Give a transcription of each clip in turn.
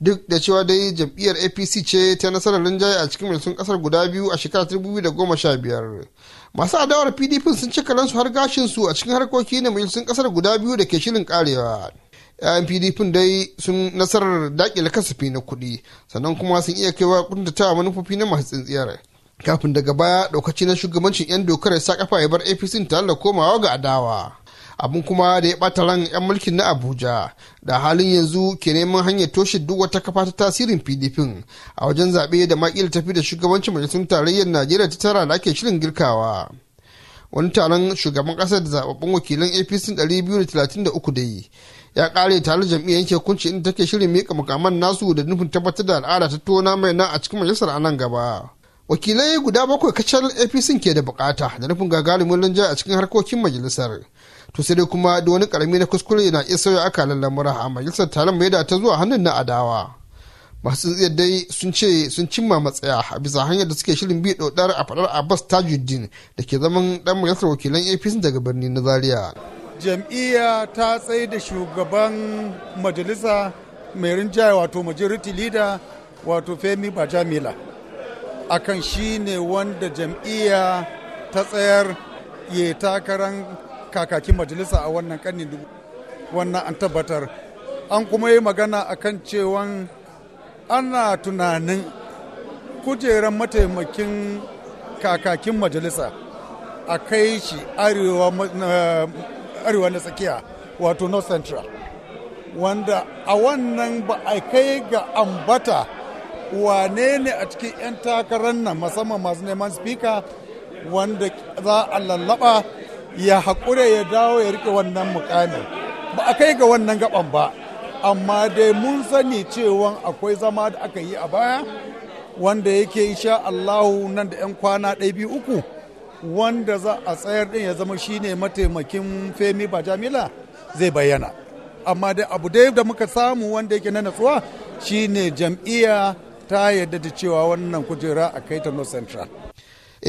duk da cewa dai jam'iyyar apc ce ta nasarar rinjaye a cikin mulkin kasar guda biyu a shekarar 2015 masu adawar pdp sun ci karansu har gashinsu a cikin harkoki na mulkin kasar guda biyu da ke shirin karewa 'ya'yan pdp dai sun nasarar dakile kasafi na kuɗi sannan kuma sun iya kaiwa kuntatawa manufofi na masu tsintsiyar kafin daga baya ɗaukaci na shugabancin 'yan dokar ya sa kafa ya bar apc tare da komawa ga adawa abin kuma da ya bata ran 'yan mulkin na abuja da halin yanzu ke neman hanyar toshe duk wata kafa ta tasirin pdp a wajen zaɓe da makil tafi da shugabancin majalisun tarayyar najeriya ta tara da ake shirin girkawa wani taron shugaban ƙasar da zababbun wakilan apc 233 da dai ya kare tare jam'iyyar yanke hukunci inda take shirin miƙa mukaman nasu da nufin tabbatar da al'ada ta tona mai na a cikin majalisar a nan gaba wakilai guda bakwai kacal apc ke da bukata da nufin gagarumin lanja a cikin harkokin majalisar to sai dai kuma da wani karami na kuskure na iya sauya akalan lamura a majalisar taron mai da ta zuwa hannun na adawa masu tsaye dai sun ce sun cimma matsaya a bisa hanyar da suke shirin bi dodar a fadar abbas tajuddin da ke zaman dan majalisar wakilan apc daga birnin na zaria jam'iyya ta tsaye da shugaban majalisa mai rinjaye wato majority leader wato femi bajamila akan shi ne wanda jam'iyya ta tsayar ya takarar kakakin majalisa a wannan karni wannan an tabbatar an kuma yi magana a kan cewan ana tunanin kujeran mataimakin kakakin majalisa a kai shi arewa na tsakiya wato north central wanda a wannan ba a kai ga ambata wane ne a cikin 'yan takarar nan musamman masu neman speaker wanda za a lallaba ya haƙure ya dawo ya rike wannan mukamin ba a kai ga wannan gaban ba amma dai mun sani cewa akwai zama da aka yi a baya wanda yake insha Allahu nan da 'yan kwana ɗaya biyu uku wanda za a tsayar din ya zama shine mataimakin femi ba Jamila, zai bayyana amma dai abu dai da muka samu wanda yake na natsuwa shine jam'iyya ta yadda da cewa wannan kujera a kaita ta central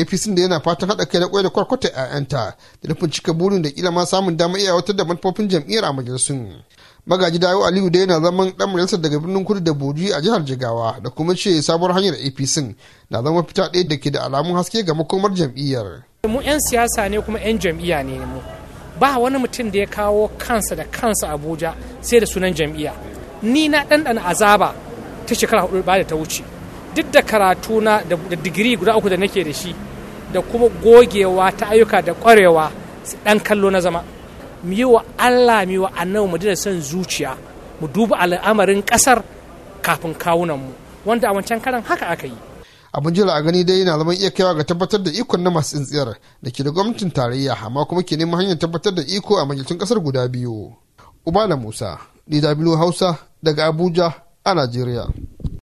apc da yana fatan haɗa kai na kwai da kwarkwata 'ya'yanta da nufin cika burin da kila ma samun damar iya wata da manufofin jam'iyyar a majalisun magaji dawo aliyu da yana zaman dan majalisar daga birnin kudu da boji a jihar jigawa da kuma ce sabuwar hanyar apc na zama fita ɗaya da ke da alamun haske ga makomar jam'iyyar mu 'yan siyasa ne kuma 'yan jam'iyya ne mu ba wani mutum da ya kawo kansa da kansa abuja sai da sunan jam'iyya ni na ɗanɗana azaba ta shekara hudu ba da ta wuce duk da karatu na da digiri guda uku da nake da shi da kuma gogewa ta ayyuka da ƙwarewa su ɗan kallo na zama mu yi wa Allah mu wa annabi mu dina son zuciya mu duba al'amarin ƙasar kafin kawunan mu wanda a wancan karan haka aka yi abin jira a gani dai yana zama iya kaiwa ga tabbatar da ikon na masu tsintsiyar da ke da gwamnatin tarayya amma kuma ke neman hanyar tabbatar da iko a majalisun kasar guda biyu na musa dw hausa daga abuja a najeriya